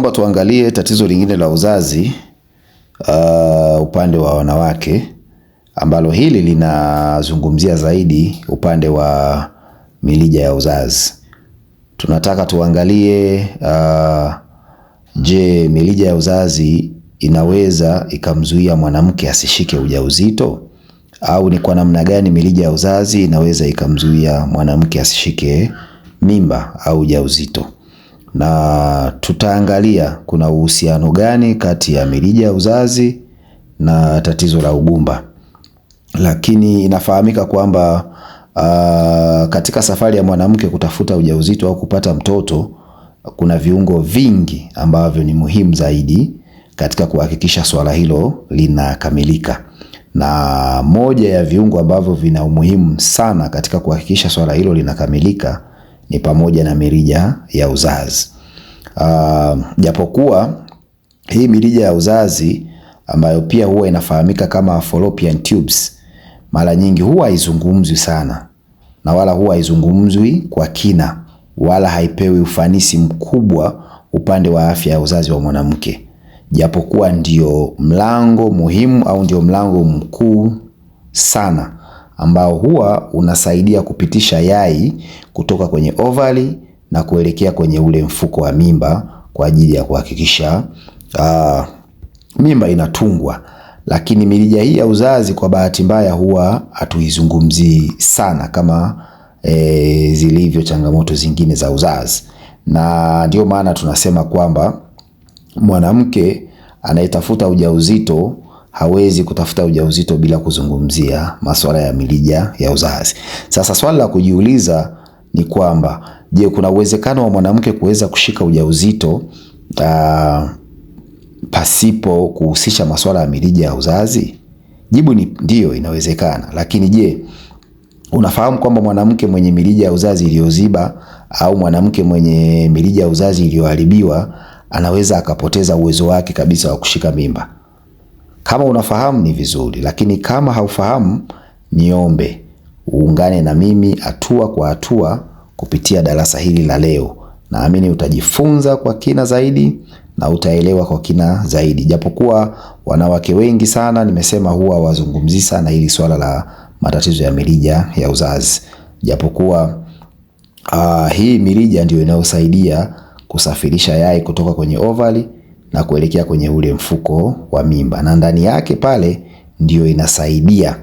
naomba tuangalie tatizo lingine la uzazi uh, upande wa wanawake ambalo hili linazungumzia zaidi upande wa milija ya uzazi. Tunataka tuangalie uh, je, milija ya uzazi inaweza ikamzuia mwanamke asishike ujauzito au ni kwa namna gani milija ya uzazi inaweza ikamzuia mwanamke asishike mimba au ujauzito? na tutaangalia kuna uhusiano gani kati ya mirija ya uzazi na tatizo la ugumba. Lakini inafahamika kwamba uh, katika safari ya mwanamke kutafuta ujauzito au kupata mtoto kuna viungo vingi ambavyo ni muhimu zaidi katika kuhakikisha swala hilo linakamilika, na moja ya viungo ambavyo vina umuhimu sana katika kuhakikisha swala hilo linakamilika ni pamoja na mirija ya uzazi. Uh, japokuwa hii mirija ya uzazi ambayo pia huwa inafahamika kama fallopian tubes mara nyingi huwa haizungumzwi sana na wala huwa haizungumzwi kwa kina wala haipewi ufanisi mkubwa upande wa afya ya uzazi wa mwanamke, japokuwa ndio mlango muhimu au ndio mlango mkuu sana ambao huwa unasaidia kupitisha yai kutoka kwenye ovali na kuelekea kwenye ule mfuko wa mimba kwa ajili ya kuhakikisha uh, mimba inatungwa. Lakini mirija hii ya uzazi kwa bahati mbaya huwa hatuizungumzii sana kama e, zilivyo changamoto zingine za uzazi, na ndio maana tunasema kwamba mwanamke anayetafuta ujauzito hawezi kutafuta ujauzito bila kuzungumzia masuala ya mirija ya uzazi. Sasa swala la kujiuliza ni kwamba je, kuna uwezekano wa mwanamke kuweza kushika ujauzito uh, pasipo kuhusisha masuala ya mirija ya uzazi? Jibu ni ndiyo, inawezekana. Lakini je, unafahamu kwamba mwanamke mwenye mirija ya uzazi iliyoziba au mwanamke mwenye mirija ya uzazi iliyoharibiwa anaweza akapoteza uwezo wake kabisa wa kushika mimba? Kama unafahamu ni vizuri, lakini kama haufahamu, niombe uungane na mimi hatua kwa hatua kupitia darasa hili la leo. Naamini utajifunza kwa kina zaidi na utaelewa kwa kina zaidi, japokuwa wanawake wengi sana nimesema huwa wazungumzi sana hili swala la matatizo ya mirija ya uzazi, japokuwa uh, hii mirija ndio inayosaidia kusafirisha yai kutoka kwenye ovary na kuelekea kwenye ule mfuko wa mimba, na ndani yake pale ndiyo inasaidia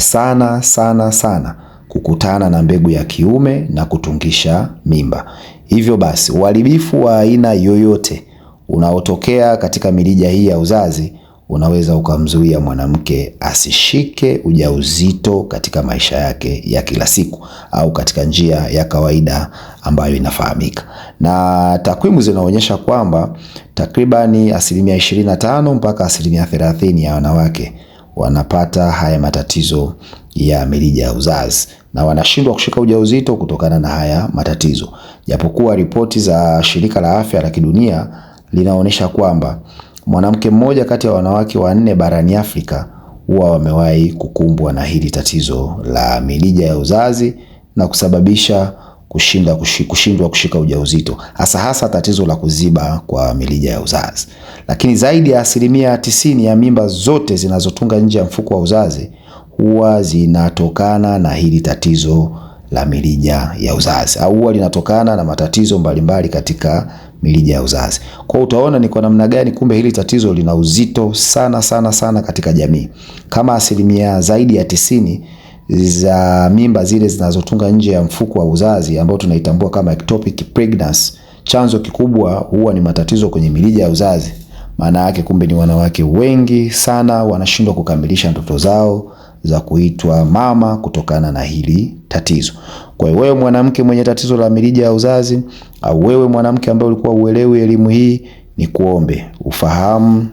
sana sana sana kukutana na mbegu ya kiume na kutungisha mimba. Hivyo basi uharibifu wa aina yoyote unaotokea katika mirija hii ya uzazi unaweza ukamzuia mwanamke asishike ujauzito katika maisha yake ya kila siku au katika njia ya kawaida ambayo inafahamika. Na takwimu zinaonyesha kwamba takribani asilimia 25 mpaka asilimia 30 ya wanawake wanapata haya matatizo ya mirija ya uzazi na wanashindwa kushika ujauzito kutokana na haya matatizo, japokuwa ripoti za shirika la afya la kidunia linaonyesha kwamba Mwanamke mmoja kati ya wanawake wanne barani Afrika huwa wamewahi kukumbwa na hili tatizo la mirija ya uzazi na kusababisha kushindwa kushika, kushika ujauzito hasa hasa tatizo la kuziba kwa mirija ya uzazi. Lakini zaidi ya asilimia tisini ya mimba zote zinazotunga nje ya mfuko wa uzazi huwa zinatokana na hili tatizo la mirija ya uzazi au huwa linatokana na matatizo mbalimbali katika mirija ya uzazi. Kwa utaona ni kwa namna gani kumbe hili tatizo lina uzito sana sana sana katika jamii. Kama asilimia zaidi ya tisini za mimba zile zinazotunga nje ya mfuko wa uzazi ambao tunaitambua kama ectopic pregnancy, chanzo kikubwa huwa ni matatizo kwenye mirija ya uzazi. Maana yake kumbe ni wanawake wengi sana wanashindwa kukamilisha ndoto zao za kuitwa mama kutokana na hili tatizo. Kwa hiyo wewe mwanamke mwenye tatizo la mirija ya uzazi au wewe mwanamke ambaye ulikuwa uelewi elimu hii, ni kuombe ufahamu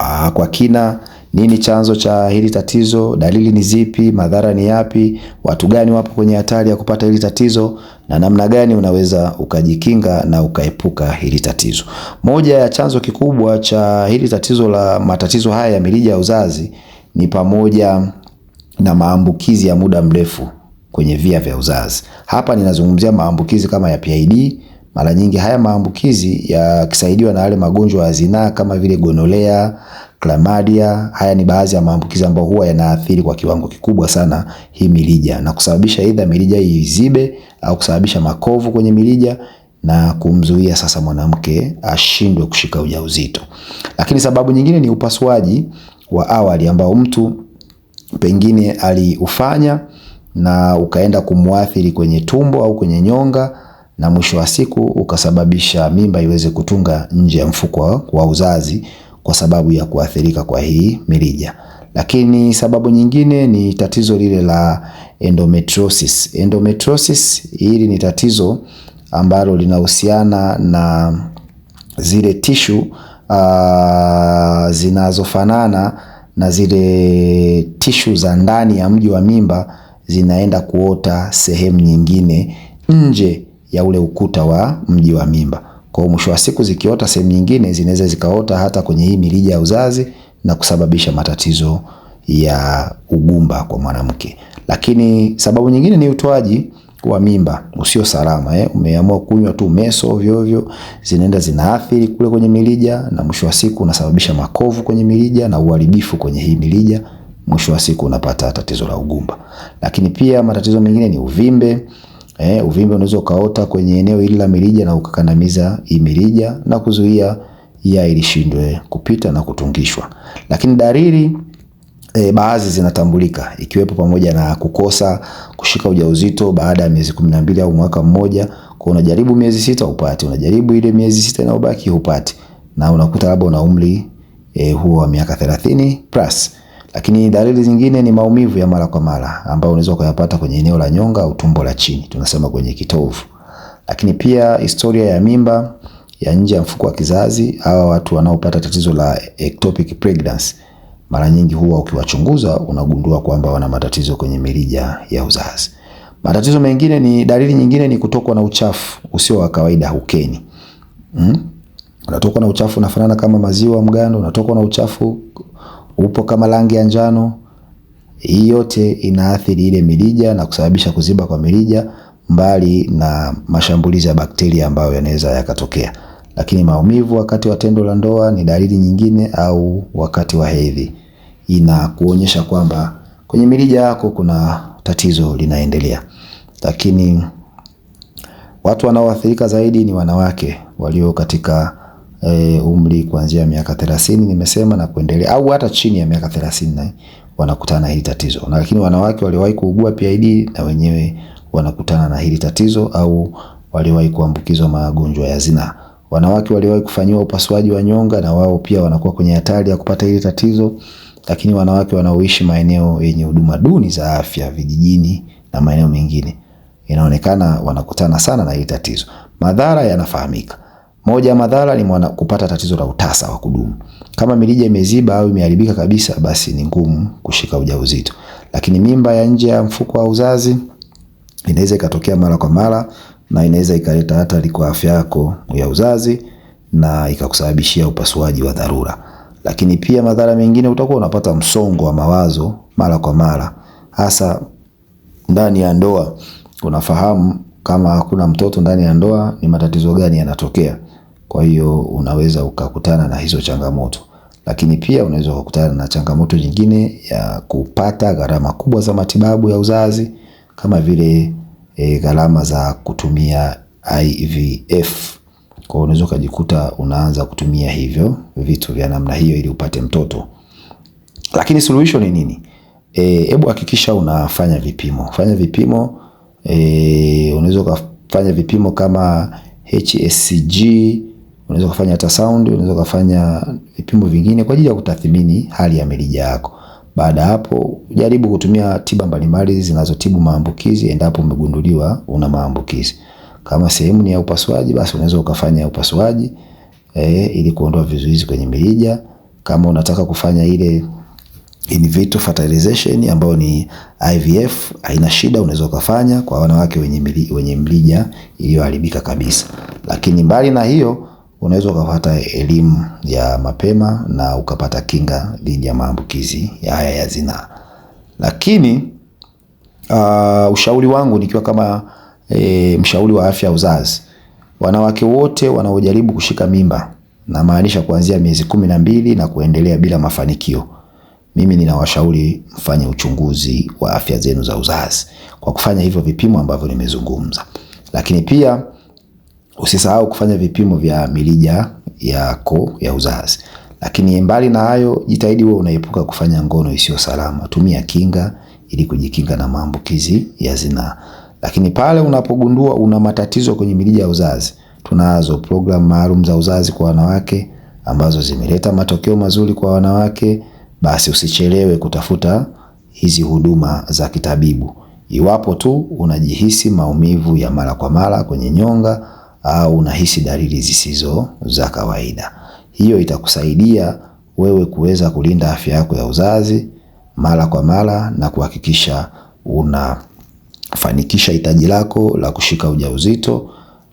aa, ah, kwa kina nini chanzo cha hili tatizo, dalili ni zipi, madhara ni yapi, watu gani wapo kwenye hatari ya kupata hili tatizo na namna gani unaweza ukajikinga na ukaepuka hili tatizo. Moja ya chanzo kikubwa cha hili tatizo la matatizo haya ya mirija ya uzazi ni pamoja na maambukizi ya muda mrefu kwenye via vya uzazi. Hapa ninazungumzia maambukizi kama ya PID. Mara nyingi haya maambukizi yakisaidiwa na yale magonjwa ya zinaa kama vile gonolea, klamadia, haya ni baadhi ya maambukizi ambayo huwa yanaathiri kwa kiwango kikubwa sana hii mirija na kusababisha aidha mirija izibe au kusababisha makovu kwenye mirija na kumzuia sasa mwanamke ashindwe kushika ujauzito. Lakini sababu nyingine ni upasuaji wa awali ambao mtu pengine aliufanya na ukaenda kumwathiri kwenye tumbo au kwenye nyonga, na mwisho wa siku ukasababisha mimba iweze kutunga nje ya mfuko wa uzazi kwa sababu ya kuathirika kwa hii mirija. Lakini sababu nyingine ni tatizo lile la endometriosis. Endometriosis hili ni tatizo ambalo linahusiana na zile tishu uh, zinazofanana na zile tishu za ndani ya mji wa mimba zinaenda kuota sehemu nyingine nje ya ule ukuta wa mji wa mimba. Kwa mwisho wa siku zikiota sehemu nyingine zinaweza zikaota hata kwenye hii mirija ya uzazi na kusababisha matatizo ya ugumba kwa mwanamke. Lakini sababu nyingine ni utoaji wa mimba usio salama eh. Umeamua kunywa tu meso ovyo ovyo, zinaenda zinaathiri kule kwenye milija, na mwisho wa siku unasababisha makovu kwenye milija na uharibifu kwenye hii milija. Mwisho wa siku unapata tatizo la ugumba, lakini pia matatizo mengine ni uvimbe eh. Uvimbe unaweza ukaota kwenye eneo hili la milija na ukakandamiza hii milija na kuzuia yai lishindwe kupita na kutungishwa, lakini dalili E, baadhi zinatambulika ikiwepo pamoja na kukosa kushika ujauzito baada ya miezi kumi na mbili au mwaka mmoja. Kwa unajaribu miezi sita upati, unajaribu ile miezi sita inayobaki upati, na unakuta labda una umri e, huo wa miaka 30 plus. Lakini dalili zingine ni maumivu ya mara kwa mara ambayo unaweza kuyapata kwenye eneo la nyonga au tumbo la chini, tunasema kwenye kitovu. Lakini pia historia ya mimba ya nje ya mfuko wa kizazi, hawa watu wanaopata tatizo la ectopic pregnancy mara nyingi huwa ukiwachunguza unagundua kwamba wana matatizo kwenye mirija ya uzazi. Matatizo mengine ni dalili nyingine ni kutokwa na uchafu usio wa kawaida ukeni. Mm? Unatokwa na uchafu unafanana kama maziwa mgando, unatokwa na uchafu upo kama rangi ya njano. Hii yote inaathiri ile mirija na kusababisha kuziba kwa mirija mbali na mashambulizi ya bakteria ambayo yanaweza yakatokea. Lakini maumivu wakati wa tendo la ndoa ni dalili nyingine, au wakati wa hedhi inakuonyesha kwamba kwenye mirija yako kuna tatizo linaendelea. Lakini watu wanaoathirika zaidi ni wanawake walio katika e, umri kuanzia miaka 30 nimesema na kuendelea, au hata chini ya miaka 30 wanakutana hili tatizo. Na lakini wanawake waliowahi kuugua PID na wenyewe wanakutana na hili tatizo, au waliowahi kuambukizwa magonjwa ya zinaa. Wanawake waliowahi kufanyiwa upasuaji wa nyonga na wao pia wanakuwa kwenye hatari ya kupata hili tatizo, lakini wanawake wanaoishi maeneo yenye huduma duni za afya vijijini na maeneo mengine inaonekana wanakutana sana na hili tatizo. Madhara yanafahamika. Moja ya madhara ni mwana kupata tatizo la utasa wa kudumu. Kama mirija imeziba au imeharibika kabisa, basi ni ngumu kushika ujauzito. Lakini mimba ya nje ya mfuko wa uzazi inaweza ikatokea mara kwa mara na inaweza ikaleta hatari kwa afya yako ya uzazi na ikakusababishia upasuaji wa dharura. Lakini pia madhara mengine, utakuwa unapata msongo wa mawazo mara kwa mara, hasa ndani ya ndoa. Unafahamu kama hakuna mtoto ndani ya ndoa ni matatizo gani yanatokea. Kwa hiyo unaweza ukakutana na hizo changamoto, lakini pia unaweza ukakutana na changamoto nyingine ya kupata gharama kubwa za matibabu ya uzazi kama vile E, gharama za kutumia IVF. Kwa hiyo unaweza ukajikuta unaanza kutumia hivyo vitu vya namna hiyo ili upate mtoto. Lakini suluhisho ni nini? E, hebu hakikisha unafanya vipimo. Fanya vipimo e, unaweza ukafanya vipimo kama HSG, unaweza ukafanya hata sound, unaweza ukafanya vipimo vingine kwa ajili ya kutathmini hali ya mirija yako. Baada hapo jaribu kutumia tiba mbalimbali zinazotibu maambukizi endapo umegunduliwa una maambukizi. Kama sehemu ni ya upasuaji, basi unaweza ukafanya upasuaji e, ili kuondoa vizuizi kwenye mirija. Kama unataka kufanya ile in vitro fertilization ambayo ni IVF, haina shida, unaweza ukafanya kwa wanawake wenye, wenye mrija iliyoharibika kabisa. Lakini mbali na hiyo unaweza ukapata elimu ya mapema na ukapata kinga dhidi ya maambukizi haya ya zinaa. Lakini uh, ushauri wangu nikiwa kama e, mshauri wa afya ya uzazi, wanawake wote wanaojaribu kushika mimba, namaanisha kuanzia miezi kumi na mbili na kuendelea bila mafanikio, mimi ninawashauri mfanye uchunguzi wa afya zenu za uzazi kwa kufanya hivyo vipimo ambavyo nimezungumza, lakini pia Usisahau kufanya vipimo vya mirija yako ya uzazi. Lakini mbali na hayo, jitahidi wewe unaepuka kufanya ngono isiyo salama. Tumia kinga ili kujikinga na maambukizi ya zinaa. Lakini pale unapogundua una matatizo kwenye mirija ya uzazi, tunazo programu maalum za uzazi kwa wanawake ambazo zimeleta matokeo mazuri kwa wanawake. Basi usichelewe kutafuta hizi huduma za kitabibu iwapo tu unajihisi maumivu ya mara kwa mara kwenye nyonga au unahisi dalili zisizo za kawaida. Hiyo itakusaidia wewe kuweza kulinda afya yako ya uzazi mara kwa mara na kuhakikisha unafanikisha hitaji lako la kushika ujauzito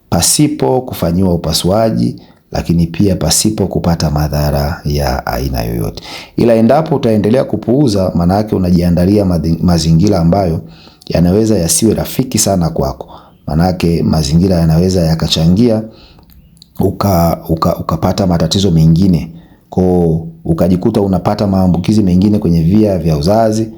pasipo kufanyiwa upasuaji, lakini pia pasipo kupata madhara ya aina yoyote. Ila endapo utaendelea kupuuza, maana yake unajiandalia mazingira ambayo yanaweza yasiwe rafiki sana kwako. Manake mazingira yanaweza yakachangia uka, uka, ukapata matatizo mengine ko ukajikuta unapata maambukizi mengine kwenye via vya uzazi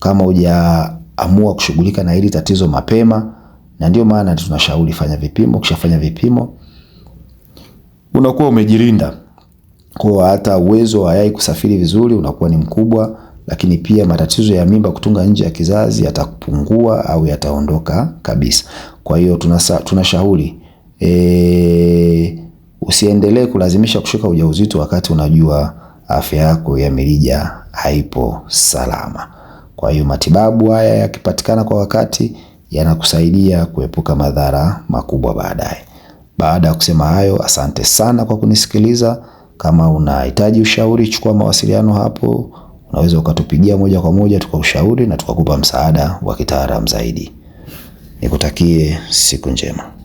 kama hujaamua kushughulika na hili tatizo mapema. Na ndio maana tunashauri fanya vipimo, ukishafanya vipimo unakuwa umejilinda kwa hata uwezo wa yai kusafiri vizuri unakuwa ni mkubwa lakini pia matatizo ya mimba kutunga nje ya kizazi yatapungua au yataondoka kabisa. Kwa hiyo tunashauri e, usiendelee kulazimisha kushika ujauzito wakati unajua afya yako ya mirija haipo salama. Kwa hiyo matibabu haya yakipatikana kwa wakati yanakusaidia kuepuka madhara makubwa baadaye. Baada ya kusema hayo, asante sana kwa kunisikiliza. Kama unahitaji ushauri, chukua mawasiliano hapo unaweza ukatupigia moja kwa moja tukakushauri na tukakupa msaada wa kitaalamu zaidi. Nikutakie siku njema.